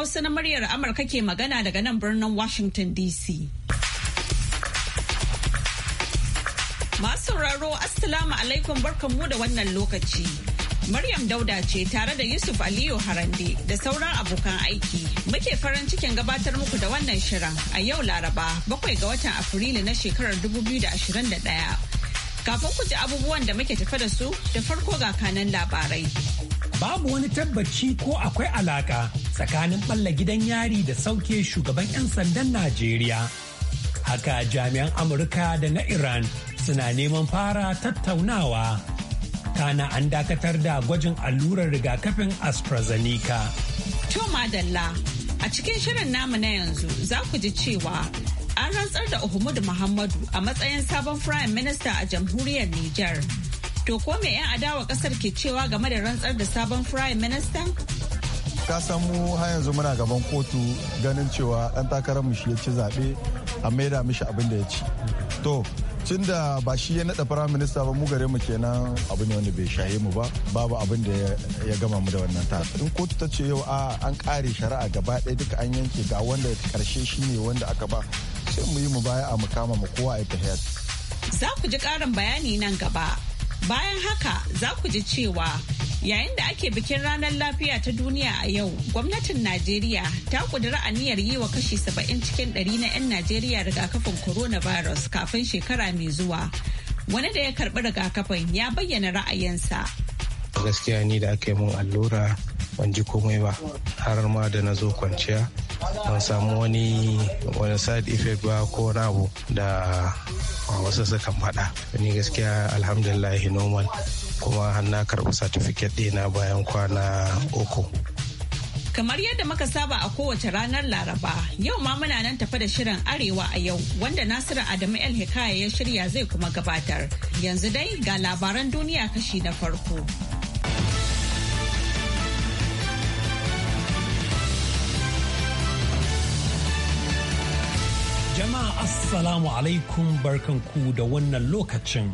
Hausa na muryar Amurka ke magana daga nan birnin Washington DC. Masu raro Assalamu alaikum barkanmu da wannan lokaci. Maryam Dauda ce tare da Yusuf Aliyu Harande da sauran abokan aiki. Muke farin cikin gabatar muku da wannan shirin a yau Laraba bakwai ga watan Afrilu na shekarar 2021. Kafin ku ji abubuwan da muke tafe da su da farko ga kanan labarai. babu wani tabbaci ko akwai alaka tsakanin balla gidan yari da sauke shugaban 'yan sandan Najeriya. Haka jami'an Amurka da na Iran suna neman fara tattaunawa. Kana an dakatar da gwajin allurar rigakafin AstraZeneca. To madalla, a cikin shirin namu na yanzu za ku ji cewa an rantsar da Uhumudu Muhammadu a matsayin sabon Firayim Minista a jamhuriyar Nijar. To ko me 'yan adawa kasar ke cewa game da rantsar da sabon Prime Minister? Ka san mu har yanzu muna gaban kotu ganin cewa ɗan takarar mu shi ya ci zaɓe a maida mishi abin da ya ci. To tun da ba shi ya naɗa Prime Minister ba mu gare mu kenan abu ne wanda bai shaye mu ba babu abin da ya gama mu da wannan ta in kotu ta ce yau a an kare shari'a gaba ɗaya duka an yanke ga wanda karshe shi ne wanda aka ba sai mu yi mu baya a mu kama mu kowa a ta za ku ji ƙarin bayani nan gaba Bayan haka za ku ji cewa yayin da ake bikin ranar lafiya ta duniya a yau gwamnatin Najeriya ta kudura aniyar yi wa kashi 70 cikin 100 na 'yan Najeriya rigakafin coronavirus kafin shekara mai zuwa. Wani da ya karɓi rigakafin ya bayyana ra'ayinsa. Gaskiya ni da aka mun allura ban ji komai ba har ma da na zo kwanciya ban samu wani wani side effect ba ko wani abu da wasu sukan faɗa ni gaskiya alhamdulillah normal kuma har na karɓi certificate ɗina bayan kwana uku Kamar yadda muka saba a kowace ranar Laraba, yau ma muna nan tafa da shirin Arewa a yau, wanda Nasiru Adamu El Hikaya ya shirya zai kuma gabatar. Yanzu dai ga labaran duniya kashi na farko. Jama'a Assalamu alaikum barkanku da wannan lokacin.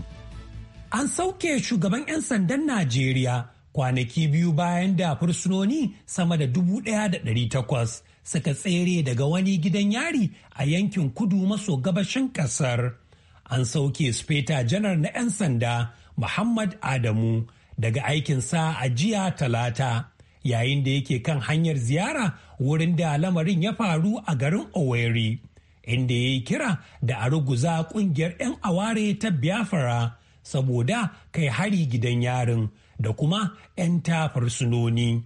An sauke shugaban 'yan sandan Najeriya kwanaki biyu bayan da fursunoni sama da dubu ɗaya da ɗari takwas suka tsere daga wani gidan yari a yankin kudu maso gabashin ƙasar. An sauke speta janar na 'yan sanda Muhammad Adamu daga aikin sa a jiya talata yayin da yake kan hanyar ziyara wurin da lamarin ya faru a garin oweri inda ya yi kira da a ruguza kungiyar 'yan aware ta biafra saboda kai hari gidan yarin da kuma 'yan tafarsunoni.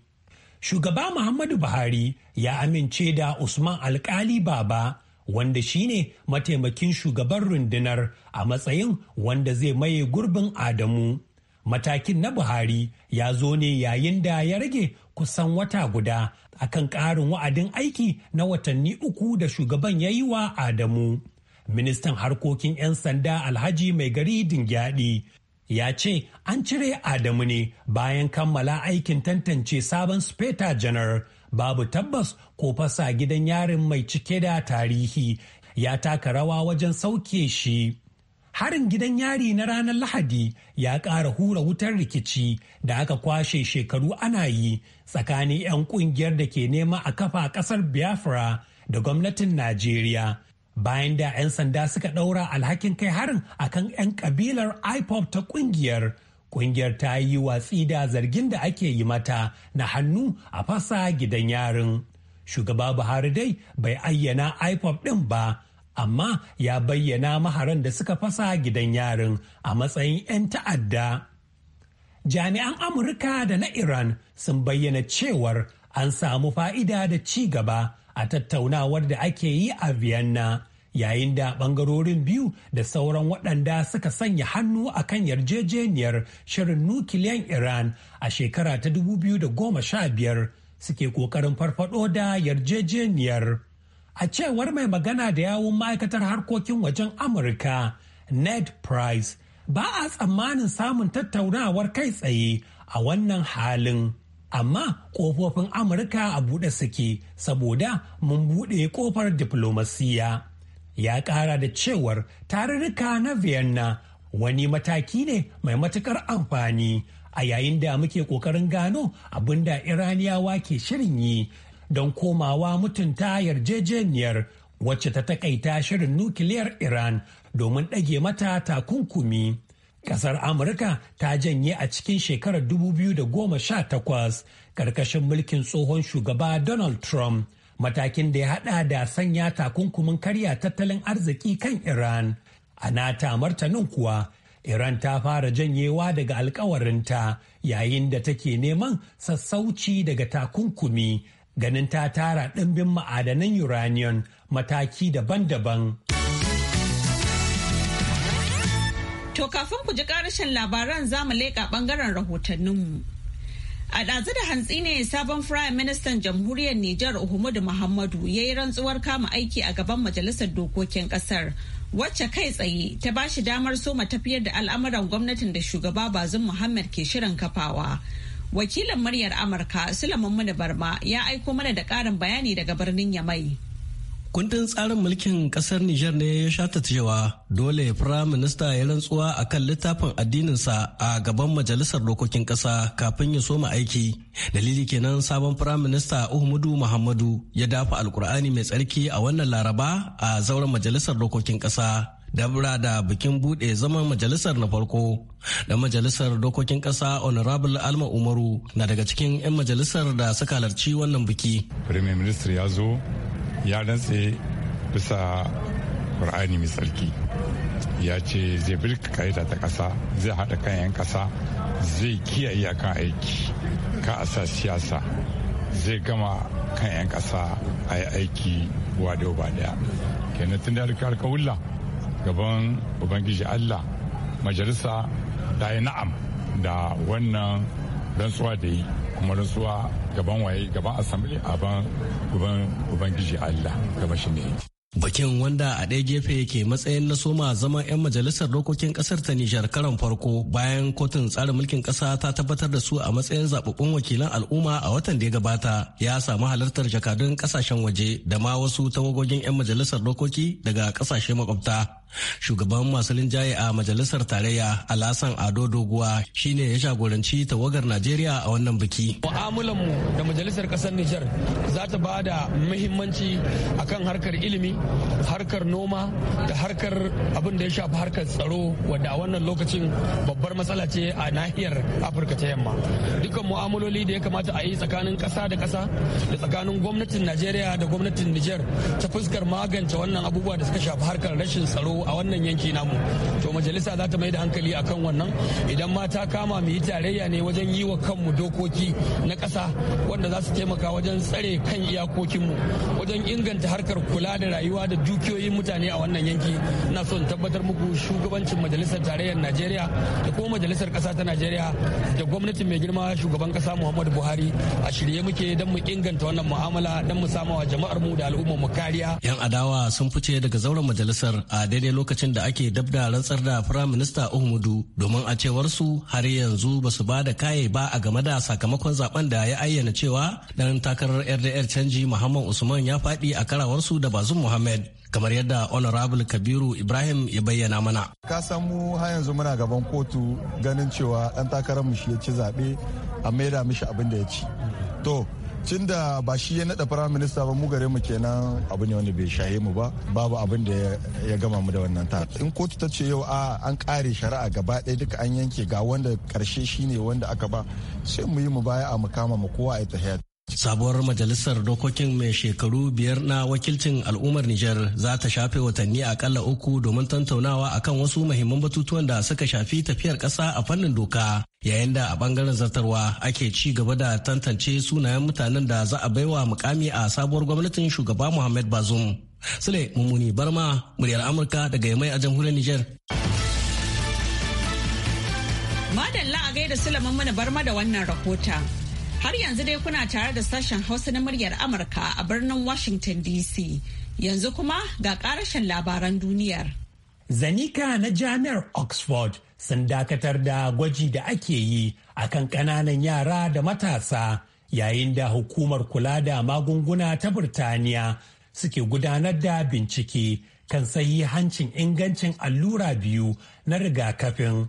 Shugaba Muhammadu Buhari ya amince da Usman Alkali Baba wanda shine mataimakin shugaban rundunar a matsayin wanda zai maye gurbin Adamu. Matakin na Buhari ya zo ne yayin da ya rage kusan wata guda akan ƙarin wa'adin aiki na watanni uku da shugaban ya yi wa Adamu. Ministan harkokin 'yan sanda Alhaji Mai Gari Dingyadi ya ce an cire Adamu ne bayan kammala aikin tantance sabon speta janar babu tabbas ko fasa gidan yarin mai cike da tarihi ya taka rawa wajen sauke shi. harin gidan yari na ranar lahadi ya ƙara hura wutar rikici da aka kwashe shekaru ana yi tsakanin 'yan ƙungiyar da ke nema a kafa ƙasar biafra da gwamnatin najeriya bayan da 'yan sanda suka ɗaura alhakin kai harin akan 'yan kabilar ipop ta ƙungiyar ƙungiyar ta yi watsi da zargin da ake yi mata na hannu a fasa gidan yarin shugaba buhari dai bai ayyana ipop ɗin ba amma ya bayyana maharan da suka fasa gidan yarin a matsayin 'yan ta'adda. Jami'an Amurka da na Iran sun bayyana cewar an samu fa'ida da ci gaba a tattaunawar da ake yi a Vienna. Yayin da ɓangarorin biyu da sauran waɗanda suka sanya hannu a kan yarjejeniyar shirin nukiliyan Iran a shekara ta 2015 suke ƙoƙarin farfaɗo da yarjejeniyar. A cewar mai magana da yawun ma'aikatar harkokin wajen Amurka, Ned Price, ba a tsammanin samun tattaunawar kai tsaye a wannan halin. Amma ƙofofin Amurka a buɗe suke saboda mun buɗe ƙofar diflomasiya. Ya ƙara da cewar tarurruka na Vienna wani mataki ne mai matuƙar amfani a yayin da muke ƙoƙarin gano abin da Iraniyawa ke shirin yi don komawa mutunta yarjejeniyar wacce ta takaita shirin nukiliyar Iran domin ɗage mata takunkumi. Ƙasar Amurka ta janye a cikin shekarar 2018 ƙarƙashin mulkin tsohon shugaba Donald Trump, matakin da ya haɗa da sanya takunkumin karya tattalin arziki kan Iran. A nata martanin kuwa, Iran ta fara janyewa daga alkawarinta yayin da take neman sassauci daga takunkumi ganin ta tara ɗimbin ma'adanan uranium mataki daban-daban. To kafin ku ji ƙarashin labaran za mu leƙa ɓangaren rahotanninmu. A ɗazu da hantsi ne sabon Firayim Ministan Jamhuriyar Nijar Uhumudu Muhammadu ya yi rantsuwar kama aiki a gaban Majalisar Dokokin Ƙasar, wacce kai tsaye ta ba shi damar soma tafiyar da al'amuran gwamnatin da shugaba Bazin Muhammad ke shirin kafawa. Wakilin muryar Amurka Sulaiman mana Barma ya aiko mana da karin bayani daga birnin Yamai. Kundin tsarin mulkin kasar Nijar ne ya shata cewa dole Firayim Minista ya rantsuwa a kan littafin addininsa a gaban Majalisar Dokokin Ƙasa kafin ya soma aiki. Dalili kenan sabon Firayim Minista Uhumudu Muhammadu ya dafa Alkur'ani mai tsarki a wannan Laraba a zauren Majalisar Dokokin Ƙasa. dabura da bikin bude zaman majalisar na farko da majalisar dokokin ƙasa honorable alma umaru na daga cikin 'yan majalisar da suka halarci wannan biki premier minister ya zo ya rantse bisa ƙur'ani mai tsarki ya ce zai bi ka'ida ta kasa zai haɗa kan 'yan kasa zai kiyaye kan aiki ka a sa siyasa zai gama kan 'yan kasa a aiki wa da daya kenan tun da gaban ubangiji allah majalisa ta yi na'am da wannan rantsuwa da yi kuma rantsuwa gaban waye gaban asambili a gaban ubangiji allah gaban shi ne Bakin wanda a ɗaya gefe ke matsayin na soma zaman 'yan majalisar dokokin ƙasar ta Nijar karan farko bayan kotun tsarin mulkin ƙasa ta tabbatar da su a matsayin zaɓaɓɓun wakilan al'umma a watan da ya gabata ya samu halartar jakadun ƙasashen waje da ma wasu tawagogin 'yan majalisar dokoki daga ƙasashe makwabta. shugaban masu linjaye a majalisar tarayya alasan ado doguwa shine ya shagoranci tawagar najeriya a wannan biki mu da majalisar kasar nijar za ta ba da muhimmanci akan harkar ilimi harkar noma da harkar abin da ya shafi harkar tsaro wadda a wannan lokacin babbar matsala ce a nahiyar afirka ta yamma dukkan mu'amaloli da ya kamata a yi tsakanin kasa da kasa da tsakanin gwamnatin najeriya da gwamnatin nijar ta fuskar magance wannan abubuwa da suka shafi harkar rashin tsaro a wannan yanki namu to majalisa za ta mai da hankali akan wannan idan ma ta kama mu yi tarayya ne wajen yi wa kanmu dokoki na ƙasa wanda za su taimaka wajen tsare kan iyakokinmu wajen inganta harkar kula da rayuwa da dukiyoyin mutane a wannan yanki na son tabbatar muku shugabancin majalisar tarayyar najeriya da kuma majalisar ƙasa ta najeriya da gwamnatin mai girma shugaban ƙasa muhammadu buhari a shirye muke don mu inganta wannan mu'amala don mu samawa jama'ar mu da al'ummar mu kariya yan adawa sun fice daga zauren majalisar a daidai lokacin da ake dab da rantsar da Firayim Minista Uhumudu domin a cewar su har yanzu basu su ba da kaye ba a game da sakamakon zaben da ya ayyana cewa ɗan takarar RDR canji Muhammad Usman ya faɗi a karawarsu da Bazum Muhammad. kamar yadda honorable kabiru ibrahim ya bayyana mana ka san mu har yanzu muna gaban kotu ganin cewa dan takarar mu shi ya ci zaɓe a maida mishi abin da ya ci to tun da ba shi ya naɗa firayim minista ba mu gare mu kenan abu ne wanda bai shaye mu ba babu abin da ya gama mu da wannan ta in kotu ta ce yau a an kare shari'a gaba ɗaya duka an yanke ga wanda karshe shine wanda aka ba sai mu yi mu baya a mukama kama mu kowa a tahiya sabuwar majalisar dokokin mai shekaru biyar na wakilcin al'ummar Nijar za ta shafe watanni akalla uku domin tantaunawa akan wasu mahimman batutuwan da suka shafi tafiyar ƙasa a fannin doka yayin da a bangaren zartarwa ake ci gaba da tantance sunayen mutanen da za a baiwa mukami a sabuwar gwamnatin shugaba muhammad bazum sule mummuni barma muryar amurka daga yamai a jamhuriyar niger madalla a gaida sule mummuni barma da wannan rahota har yanzu dai kuna tare da sashen hausa na muryar amurka a birnin washington dc yanzu kuma ga karashen labaran duniyar zanika na jami'ar oxford sun dakatar da gwaji da ake yi a kan ƙananan yara da matasa yayin da hukumar kula da magunguna ta Burtaniya suke gudanar da bincike kan hancin ingancin allura biyu na rigakafin.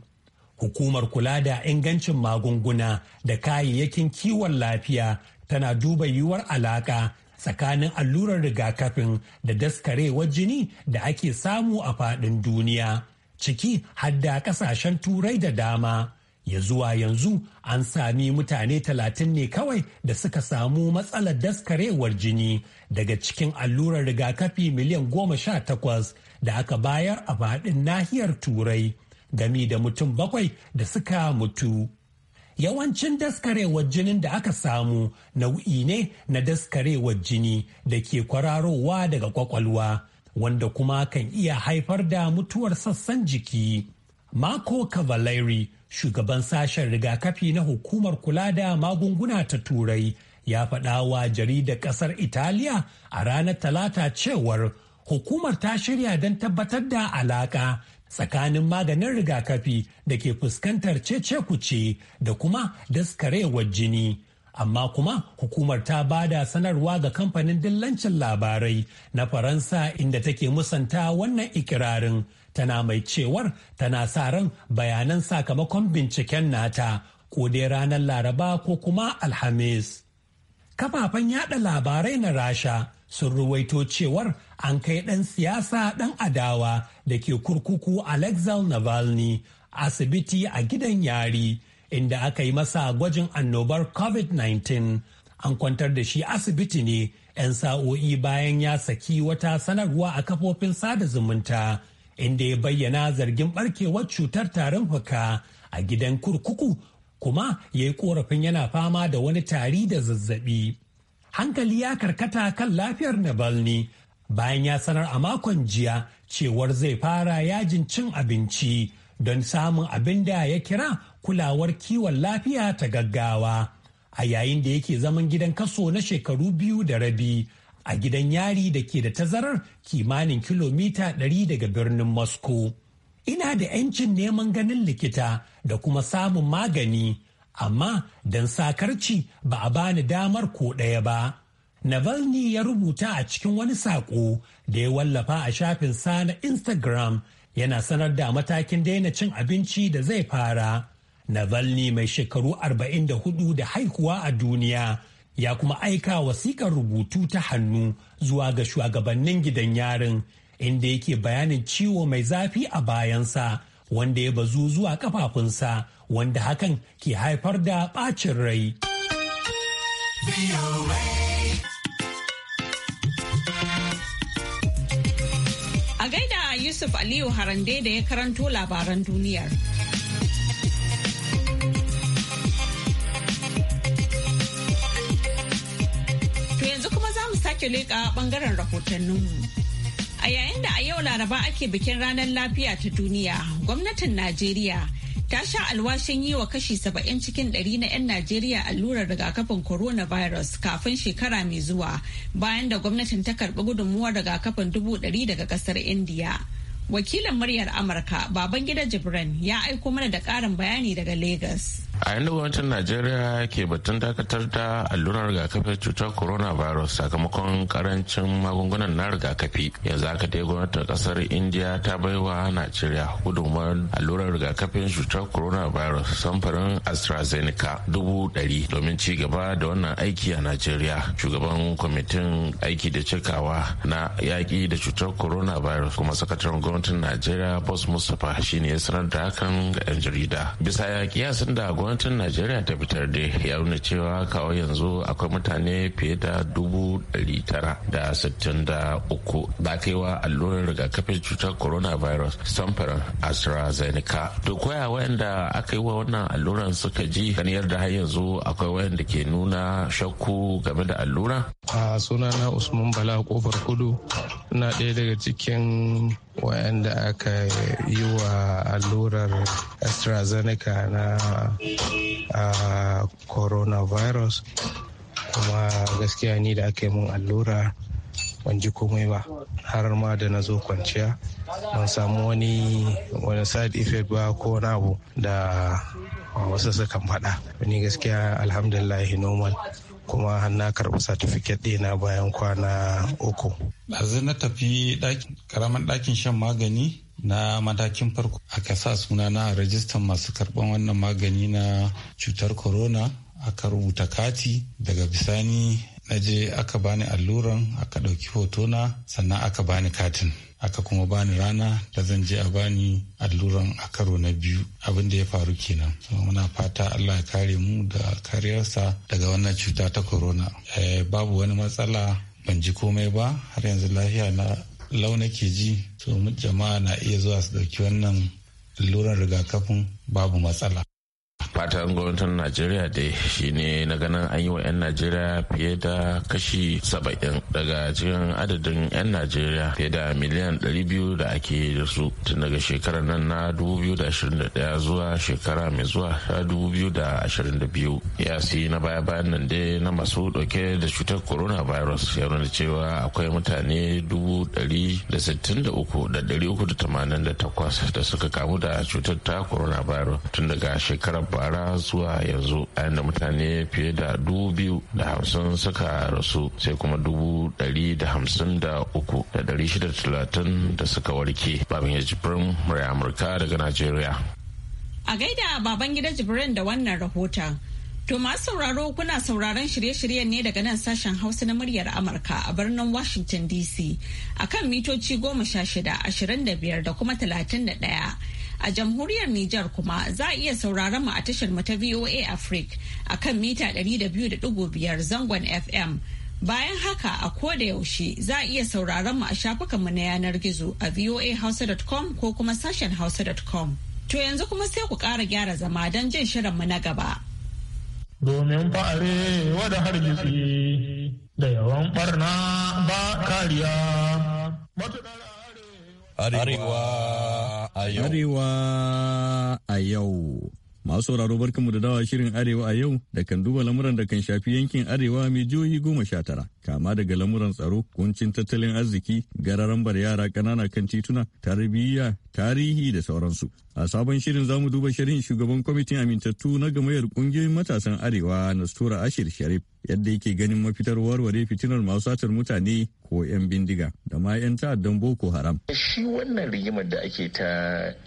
Hukumar kula da ingancin magunguna da kayayyakin kiwon lafiya tana duba yiwuwar alaka tsakanin allurar rigakafin da daskarewar jini da ake samu a faɗin duniya. ciki hadda kasashen turai da dama ya zuwa yanzu an sami mutane talatin ne kawai da suka samu matsalar daskarewar jini daga cikin allurar rigakafi miliyan goma sha takwas da aka bayar a faɗin nahiyar turai gami da mutum bakwai da suka mutu yawancin daskarewar jinin da aka samu nau'i ne na daskarewar jini da ke kwararowa daga kwakwalwa wanda kuma kan iya haifar da mutuwar sassan jiki. Marco Cavallari, shugaban sashen rigakafi na hukumar kula da magunguna ta Turai, ya faɗa wa jaridar ƙasar Italiya a ranar Talata cewar hukumar ta shirya don tabbatar da alaƙa tsakanin maganin rigakafi da ke fuskantar cece-kuce da kuma daskarewar jini. amma kuma hukumar ta ba da sanarwa ga kamfanin dillancin labarai na faransa inda take musanta wannan ikirarin tana mai cewar tana sa ran bayanan sakamakon binciken nata ko dai ranar laraba ko kuma alhamis kafafen yada labarai na rasha sun ruwaito cewar an kai ɗan siyasa ɗan adawa da ke kurkuku alexei navalny asibiti a gidan yari inda aka yi masa gwajin annobar covid-19 an kwantar da shi asibiti ne 'yan sa'o'i bayan ya saki wata sanarwa a kafofin sada zumunta inda ya bayyana zargin barkewar cutar tarin fuka a gidan kurkuku kuma ya yi korafin yana fama da wani tari da zazzabi hankali ya karkata kan lafiyar na navalny bayan ya sanar a makon jiya cewar zai fara yajin cin abinci don samun abin da ya kira kulawar kiwon lafiya ta gaggawa a yayin da yake zaman gidan kaso na shekaru biyu da rabi a gidan yari da ke da tazarar kimanin kilomita ɗari daga birnin moscow ina da 'yancin neman ganin likita da kuma samun magani amma don sakarci ba a bani damar ko ɗaya ba navalny ya rubuta a cikin wani saƙo da ya wallafa a shafin sa na instagram yana sanar da matakin daina cin abinci da zai fara Navalny mai shekaru 44 da haihuwa a duniya ya kuma aika wasikar rubutu ta hannu zuwa ga shugabannin gidan yarin inda yake bayanin ciwo mai zafi a bayansa wanda ya bazu zuwa kafafunsa wanda hakan ke haifar da bacin rai. A gaida Yusuf Aliyu Harande da ya karanto labaran duniyar. sake leƙa ɓangaren rahotanninmu. A yayin da a yau Laraba ake bikin ranar lafiya ta duniya, gwamnatin Najeriya ta sha alwashin yi wa kashi saba'in cikin ɗari na 'yan Najeriya allurar rigakafin coronavirus kafin shekara mai zuwa bayan da gwamnatin ta karɓi gudunmuwar rigakafin dubu ɗari daga ƙasar Indiya. Wakilin muryar Amurka, Babangida Jibran, ya aiko mana da ƙarin bayani daga Legas. a yanda gwamnatin najeriya ke batun dakatar da allurar rigakafin cutar corona virus sakamakon karancin magungunan na rigakafi yanzu aka dai gwamnatin kasar india ta baiwa najeriya gudunmawar allurar rigakafin cutar coronavirus samfarin astrazeneca dubu dari domin ci gaba da wannan aiki a najeriya shugaban kwamitin aiki da cikawa na yaƙi da cutar corona virus kuma sakataren gwamnatin najeriya boss mustapha shine ya sanar da hakan ga 'yan jarida bisa ya kiyasin da gwamnatin najeriya ta fitar da ya nuna cewa kawai yanzu akwai mutane fiye da dubu dari tara da sittin da uku da kaiwa allurar rigakafin cutar coronavirus samfarin astrazeneca to koya wayanda aka yi wa wannan alluran suka ji ganiyar da har yanzu akwai wayanda ke nuna shakku game da allura a sunana usman bala kofar kudu na ɗaya daga cikin wayanda aka yi wa allurar astrazeneca na a coronavirus kuma gaskiya ni da aka yi mun allura ban ji komai ba har ma da na zo kwanciya ban samu wani wani side effect ba ko wani abu da wasu sukan faɗa ni gaskiya alhamdulillah normal kuma har na karɓi certificate ɗina bayan kwana uku. Yanzu na tafi karamin ɗakin shan magani na matakin farko aka sa suna na rajistan masu karban wannan magani na cutar corona aka rubuta kati daga bisani na je aka bani alluran aka ɗauki hotona sannan aka bani katin aka kuma bani rana da zan je a bani alluran a karo na biyu abin da ya faru kenan so muna fata allah ya kare mu da kariyarsa daga wannan cuta ta corona eh, babu wani matsala ban ji komai ba har yanzu lafiya na launa ke ji to jama'a na iya zuwa su ɗauki wannan alluran rigakafin babu matsala fatan gwamnatin najeriya dai shine na ganin an yi wa 'yan najeriya fiye da kashi saba'in daga cikin adadin 'yan najeriya fiye da miliyan 200 da ake da su tun daga shekarar nan na 2021 zuwa shekara mai zuwa ta 2022 yasi na baya-bayan nan dai na masu dauke da cutar coronavirus ya nuna cewa akwai mutane 163,388 da suka kamu da cutar ta coronavirus tun daga shekarar bara zuwa yanzu a da mutane fiye da dubu biyu da hamsin suka rasu sai kuma dubu dari da hamsin da uku da dari shida talatin da suka warke babin ya jibrin murai amurka daga najeriya a gaida baban gida jibrin da wannan rahoton To masu sauraro kuna sauraron shirye-shiryen ne daga nan sashen Hausa na muryar Amurka a birnin Washington DC akan mitoci goma sha shida, ashirin da biyar da kuma talatin da daya. A jamhuriyar Nijar kuma za a iya sauraron mu a tashar mu ta VOA Africa a kan mita 200.5 zangon FM. Bayan haka a koda yaushe za a iya sauraron mu a shafukan mu na yanar gizo a voahausa.com ko kuma sashen hausa.com. To yanzu kuma sai ku ƙara gyara zama don jin shirin mu na gaba. Domin fa'are wada hargitsi da yawan barna ba kariya. Arewa Arewa a yau. Masu sauraro barkanmu da dawa shirin Arewa a yau da kan duba lamuran da kan shafi yankin Arewa mai jihohi goma sha tara. kama daga lamuran tsaro kuncin tattalin arziki gararambar yara kanana kan tituna tarbiyya tarihi da sauransu a sabon shirin zamu duba shirin shugaban kwamitin amintattu na gamayar kungiyoyin matasan arewa na nastura ashir sharif yadda yake ganin mafitar warware fitinar masu satar mutane ko 'yan bindiga da ma 'yan ta'addan boko haram shi wannan rigimar da ake ta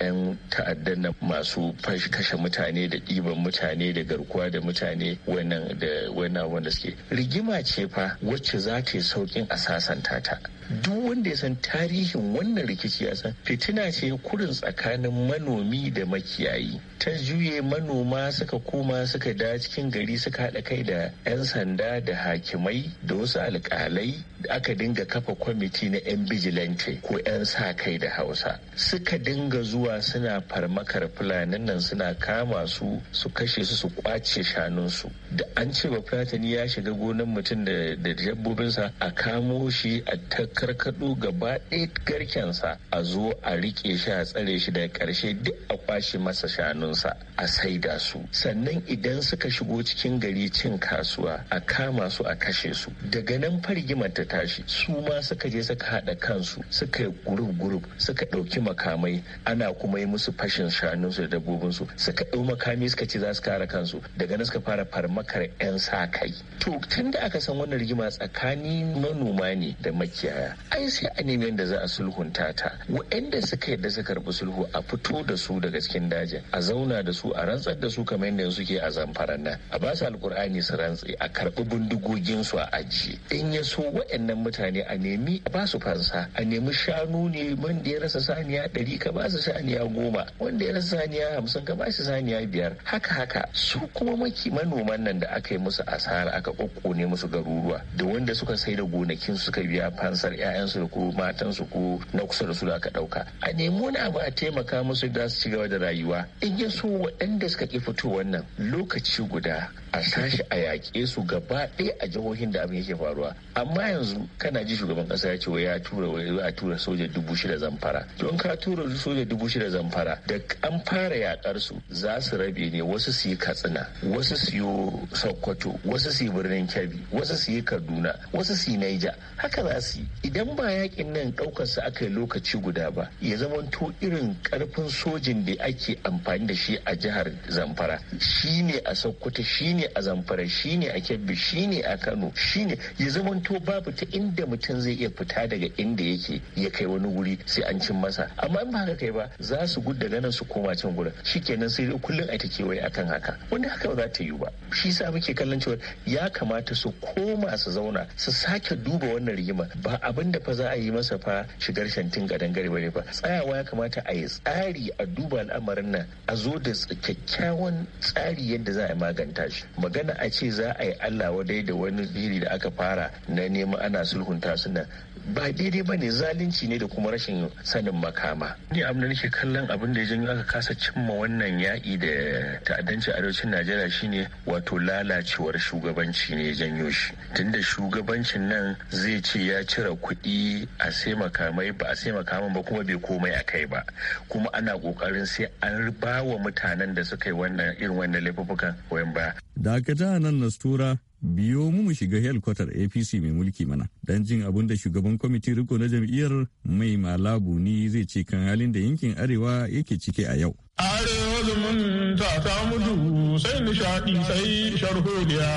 'yan ta'addan na masu kashe mutane da ɗiban mutane da garkuwa da mutane wannan da wannan wanda suke rigima ce fa wacce za ta yi sauƙin a sasanta ta duk wanda ya san tarihin wannan rikici ya san fitina ce kurin tsakanin manomi da makiyayi ta juye manoma suka koma suka da cikin gari suka haɗa kai da 'yan sanda da hakimai da wasu alƙalai aka dinga kafa kwamiti na 'yan bijilante ko 'yan sa kai da hausa suka dinga zuwa suna farmakar fulanin nan suna kama su su kashe su su kwace shanunsu da an ce ba fulatani ya shiga gonan mutum da dabbobinsa a kamo shi a ta karkado gaba ɗaya garkensa a zo a rike shi a tsare shi daga karshe duk a kwashe masa shanunsa a saida su sannan idan suka shigo cikin gari cin kasuwa a kama su a kashe su daga nan fargima ta tashi su ma suka je suka haɗa kansu suka yi gurub-gurub suka ɗauki makamai ana kuma yi musu fashin shanunsu da dabbobinsu suka ɗau makami suka ce za su kare kansu daga nan suka fara farmakar 'yan sa kai to tun da aka san wannan rigima tsakanin manoma ne da makiyaya baya ai sai a nemi yadda za a sulhunta ta waɗanda suka yadda su karbi sulhu a fito da su daga cikin dajin a zauna da su a rantsar da su kamar yadda suke a zamfaran nan a ba su alkur'ani su rantsi a karɓi bindigogin su a ajiye in ya so waɗannan mutane a nemi a ba su fansa a nemi shanu ne wanda ya rasa saniya ɗari ka ba su saniya goma wanda ya rasa saniya hamsin ka ba su saniya biyar haka haka su kuma maki manoman nan da aka yi musu asara aka ne musu garuruwa da wanda suka sai da gonakin suka biya fansar ƴaƴansu ko matansu ko na kusa da su da aka ɗauka a nemi wani abu a taimaka musu da su ci gaba da rayuwa in ya so waɗanda suka ƙi fito wannan lokaci guda a sashi a yaƙe su gaba ɗaya a jihohin da abin yake faruwa amma yanzu kana ji shugaban ƙasa ya ce wai ya tura wai za a tura soja dubu shida zamfara to ka tura soja dubu shida zamfara da an fara yaƙar su za su rabe ne wasu su yi katsina wasu su yi sokoto wasu su yi birnin kebbi wasu su yi kaduna wasu su yi naija haka za su yi idan ba yakin nan ɗaukarsa aka yi lokaci guda ba ya zamanto irin karfin sojin da ake amfani da shi a jihar zamfara shi ne a sokoto shi ne a zamfara shi ne a kebbi shi ne a kano shi ne ya zamanto babu ta inda mutum zai iya fita daga inda yake ya kai wani wuri sai an cin masa amma in ba haka kai ba za su gudda daga su koma can gurin shikenan sai dai kullum a ta kewaye akan haka wanda haka ba za ta yiwu ba shi sa muke kallon cewa ya kamata su koma su zauna su sake duba wannan rigima ba a abin da fa za a yi masa fa shigar shantin gadan gare bane fa tsayawa ya kamata a yi tsari a duba al'amarin nan a zo da kyakkyawan tsari yadda za a maganta shi magana a ce za a yi Allah wadai da wani biri da aka fara na nema ana sulhunta su nan ba daidai ba ne zalunci ne da kuma rashin sanin makama ni abin da nake kallon abin da ya janyo aka kasa cimma wannan yaƙi da ta'addanci a arewacin najeriya shine wato lalacewar shugabanci ne ya janyo shi tunda shugabancin nan zai ce ya cire kuɗi a sai makamai ba a sai makaman ba kuma bai komai a kai ba kuma ana ƙoƙarin sai an ba wa mutanen da suka yi wannan irin wannan laifukan wayan baya. Dakata nan Nastura biyo mu mu shiga helkwatar apc mai mulki mana don jin abin da shugaban kwamitin riko na jam'iyyar mai malabu ni zai ce kan halin da yankin arewa yake ciki a yau arewa zumunta ta mutu sai nishadi sai sharholiya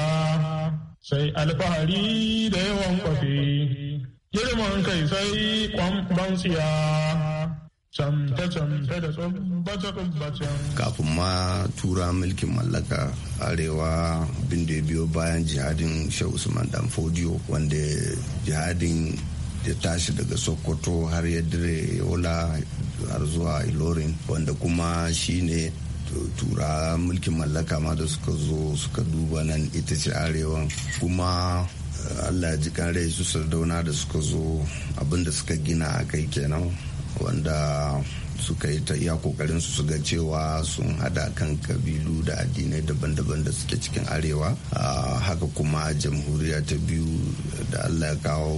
sai alfahari da yawan kwafe girman kai sai kwamban tsiya kafin ma tura mulkin mallaka arewa bin da biyo bayan jihadin shehu usman dan fodio wanda jihadin ya tashi daga sokoto har ya dire yola har zuwa ilorin wanda kuma shine tura mulkin mallaka ma da suka zo suka duba nan ita ce arewa kuma eh, allah ji kan rai su sardauna da suka zo abinda suka gina a kai kenan wanda suka yi ta iya kokarin su ga cewa sun hada kan kabilu da addinai daban-daban da suke cikin arewa haka kuma jamhuriya ta biyu da allah ya kawo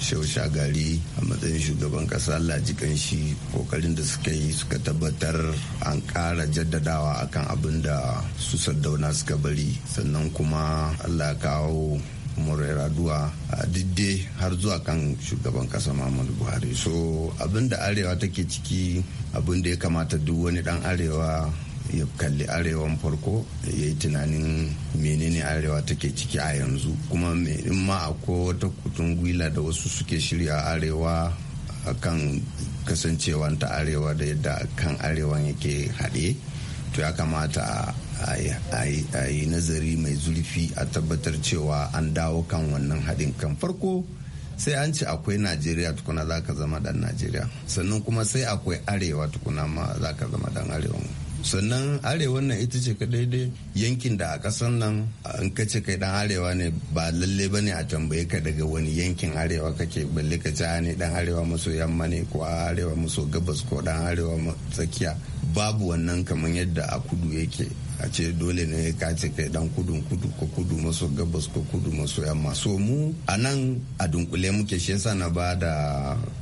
shausha gari a matsayin shugaban kasa lajikan shi kokarin da suka yi suka tabbatar an ƙara jaddadawa akan abin da su saddauna suka bari sannan kuma allah ya kawo murera duwa didde har zuwa kan shugaban kasa muhammadu buhari so abin da arewa take ciki abin da ya kamata duk wani dan arewa ya kalli arewan farko ya yi tunanin menene arewa take ciki a yanzu kuma in ma akwai wata kutun gwila da wasu suke shirya arewa akan kasancewan ta arewa da yadda kan arewan yake haɗe to ya kamata a yi nazari mai zurfi a tabbatar cewa an dawo kan wannan haɗin kan farko sai an ce akwai najeriya tukuna za ka zama dan najeriya sannan kuma sai akwai arewa tukuna ma za ka zama dan arewa sannan arewa nan ita ce kadai dai yankin da a kasan nan in ka kai dan arewa ne ba lalle ba ne a tambaye ka daga wani yankin arewa kake balle ka ja ne dan arewa maso yamma ne ko arewa maso gabas ko dan arewa tsakiya babu wannan kamar yadda a kudu yake a ce dole ne ka ce kai dan kudu kudu ko kudu maso gabas ko kudu maso yamma so mu a nan a dunkule muke shi yasa na ba da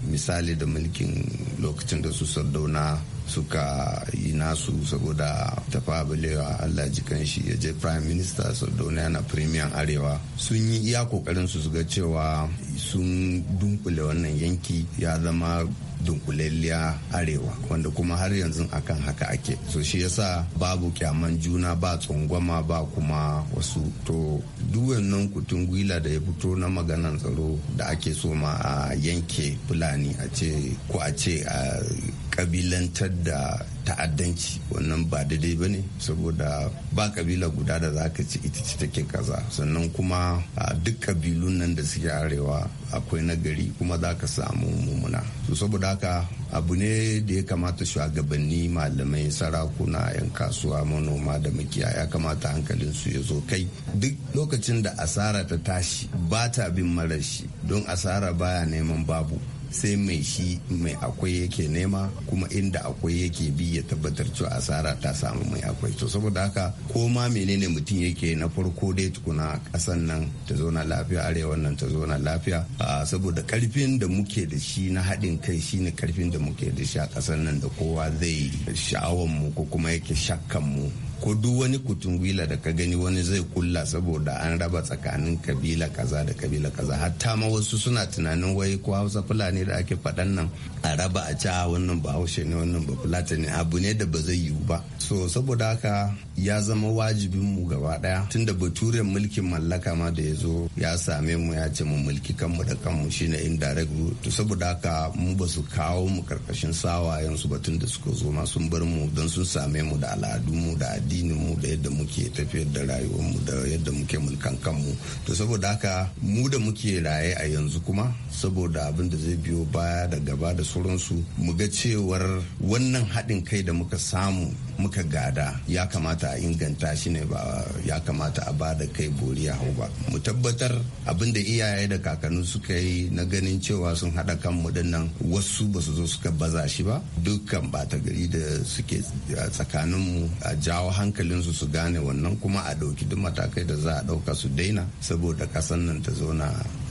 misali da mulkin lokacin da su sardauna suka yi nasu saboda tafa balewa Allah jikan shi ya je prime minister sardauna yana premier arewa sun yi iya kokarin su ga cewa sun dunkule wannan yanki ya zama dunkulalliya arewa wanda kuma har yanzu akan haka ake so shi yasa babu kyaman juna ba tsangwama ba kuma wasu to duk nan kutun gwila da ya fito na maganan tsaro da ake so ma a yanke fulani a ce ko a ce a kabilantar da ta'addanci wannan ba daidai ba ne saboda ba kabila guda da za ka ci ita ce take kaza sannan kuma a duk kabilun nan da suke arewa akwai nagari kuma za ka samu mumuna to saboda haka abu ne da ya kamata shugabanni malamai sarakuna yan kasuwa manoma da makiya ya kamata hankalin su ya zo kai duk lokacin da asara ta tashi ba ta bin marashi don asara baya neman babu sai mai shi mai akwai yake nema kuma inda akwai yake bi ya tabbatar cewa asara ta samu mai akwai to saboda haka ko ma menene mutum yake na farko dai tukuna kasan nan ta zauna lafiya arewa nan ta zauna lafiya saboda karfin da muke da shi na haɗin kai shine karfin da muke da shi a kasan nan da kowa zai sha'awar mu ko kuma yake shakkan mu ko duk wani kutungwila da ka gani wani zai kulla saboda an raba tsakanin kabila kaza da kabila kaza hatta ma wasu suna tunanin wai ko hausa fulani da ake faɗan nan a raba a ca ah, wannan ba haushe ne wannan ba fulata ne abu ne da ba zai yiwu ba so saboda haka ya zama wajibin mu gaba daya tunda baturen mulkin mallaka ma da ya zo ya same mu ya ce mu mulki kanmu da kanmu shine indirect rule to saboda haka mu ba su kawo mu karkashin sawayen su ba da suka zo ma sun bar mu don sun same mu da al'adu mu da addinin mu da yadda muke tafiyar da rayuwar mu da yadda muke mulkan kanmu to saboda haka mu da muke raye a yanzu kuma saboda abin da zai biyo baya da gaba da sauransu mu ga cewar wannan haɗin kai da muka samu ka gada ya kamata a inganta shi ne ba ya kamata a ba da kai bori a hau ba mu tabbatar abin da iyaye da kakannu suka yi na ganin cewa sun haɗa kanmu dannan wasu ba su zo suka baza shi ba dukkan bata gari da suke tsakanin mu a jawo hankalinsu su gane wannan kuma a ɗauki duk matakai da za a ɗauka su daina saboda kasan nan ta zauna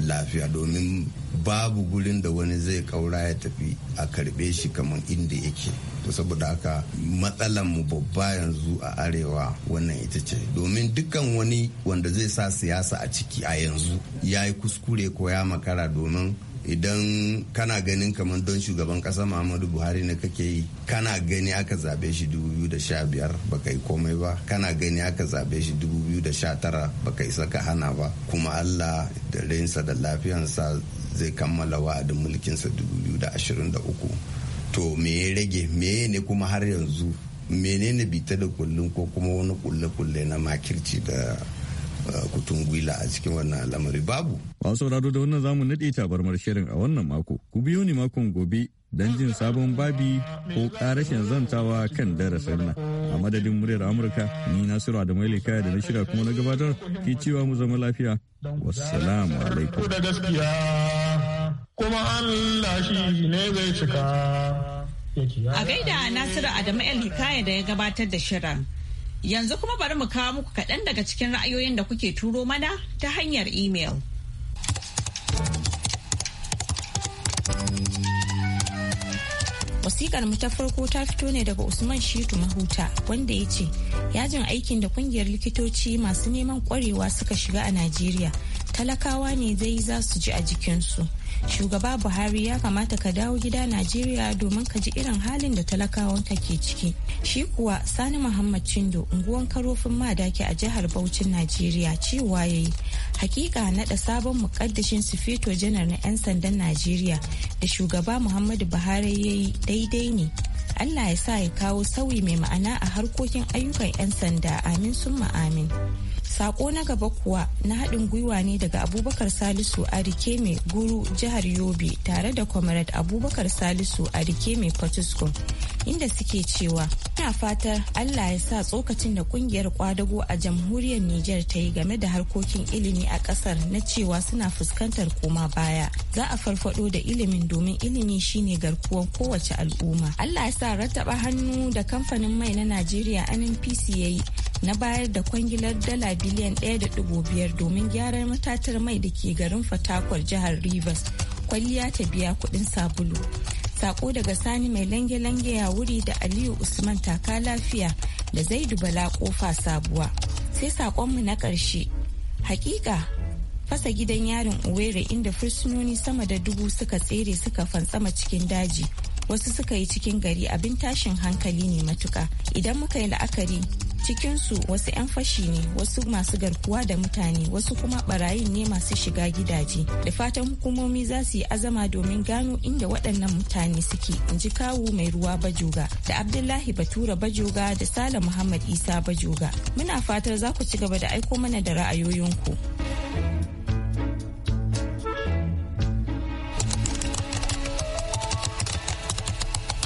lafiya domin babu gurin da wani zai kaura ya tafi a karbe shi kamar inda yake to saboda haka matsalan mu babba yanzu a arewa wannan ita ce domin dukkan wani wanda zai sa siyasa a ciki a yanzu ya yi kuskure ko ya makara domin idan kana ganin kamar don shugaban kasa muhammadu buhari ne kake yi kana gani aka zabe shi 2015 baka yi komai ba kana gani aka zabe shi 2019 baka isa ka hana ba kuma allah da rinsa da lafiyansa zai kammala wa'adin mulkinsa 2023 to me ya rage me ne kuma har yanzu menene bita da kullum ko kuma wani kulle-kulle na makirci da eh, kutun gwila a cikin wannan lamari babu. Masu sauraro da wannan zamu naɗe tabarmar shirin a wannan mako. Ku biyo ni makon gobe don jin sabon babi ko ƙarashin zantawa kan darasin nan. A madadin muryar Amurka, ni Nasiru Adamu Elikaya da na shirya kuma na gabatar, ke cewa mu zama lafiya. Wassalamu alaikum. kuma Allah shi ne zai cika. A gaida Nasiru Adamu El Hikaya da ya gabatar da shirin. Yanzu kuma bari mu kawo muku kaɗan daga cikin ra'ayoyin da kuke turo mana ta hanyar imel. wasiƙar mu ta farko ta fito ne daga usman shitu mahuta wanda ya ce yajin aikin da kungiyar likitoci masu neman ƙwarewa suka shiga a najeriya talakawa ne zai za su ji a jikinsu shugaba buhari ya kamata ka dawo gida najeriya domin ka ji irin halin da ka ke ciki shi kuwa sani muhammad cindo unguwan karofin madaki a jihar Bauchin najeriya cewa ya yi hakika naɗa sabon su sufeto janar na 'yan sandan najeriya da shugaba muhammadu buhari ya yi daidai ne allah ya sa ya kawo sauyi mai ma'ana a harkokin ayyukan 'yan sanda amin summa amin Sako na gaba kuwa na haɗin gwiwa ne daga Abubakar Salisu mai Guru jihar Yobe tare da Comrade Abubakar Salisu mai Potiskum inda suke cewa ina fatar Allah ya sa tsokacin da kungiyar kwadago a jamhuriyar niger ta yi game da harkokin ilimi a kasar na cewa suna fuskantar koma baya za a farfado da ilimin domin ilimi shine garkuwan kowace al'umma Allah ya sa rattaba hannu da kamfanin mai na Najeriya NNPC yi. na bayar da kwangilar dala biliyan 1.5 domin gyaran matatar mai da ke garin fatakwal jihar rivers kwalliya ta biya kudin sabulu sako daga sani mai lange-lange ya wuri da aliyu usman taka lafiya da zaidu bala kofa sabuwa sai sakonmu na ƙarshe hakika fasa gidan yarin uwere inda fursunoni sama da dubu suka tsere suka fantsama cikin daji wasu suka yi cikin gari abin tashin hankali ne matuka idan muka yi la'akari cikinsu wasu 'yan fashi ne wasu masu garkuwa da mutane wasu kuma barayin ne masu shiga gidaje da fatan hukumomi za su yi azama domin gano inda waɗannan mutane suke in ji kawu mai ruwa bajoga da abdullahi batura bajoga da sale muhammad isa bajoga muna fatar za ku ci gaba da aiko mana da ra'ayoyinku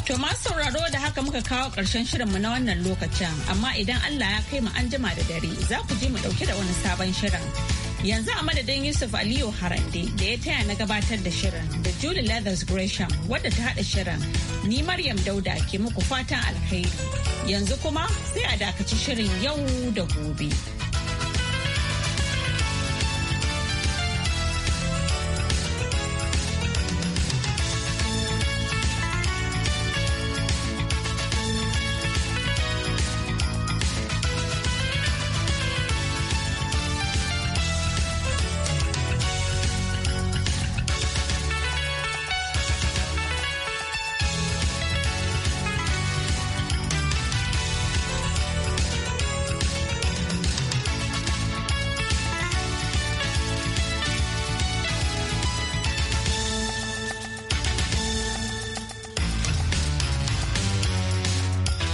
To masu sauraro da haka muka kawo ƙarshen shirinmu na wannan lokacin amma idan Allah ya kai mu an jima da dare za ku je mu ɗauke da wani sabon shirin. Yanzu a madadin Yusuf Aliyu Harande da ya taya na gabatar da shirin da Julie Leathers Gresham wadda ta haɗa shirin ni Maryam Dauda ke muku fatan alkhairi. Yanzu kuma sai a dakaci shirin yau da gobe.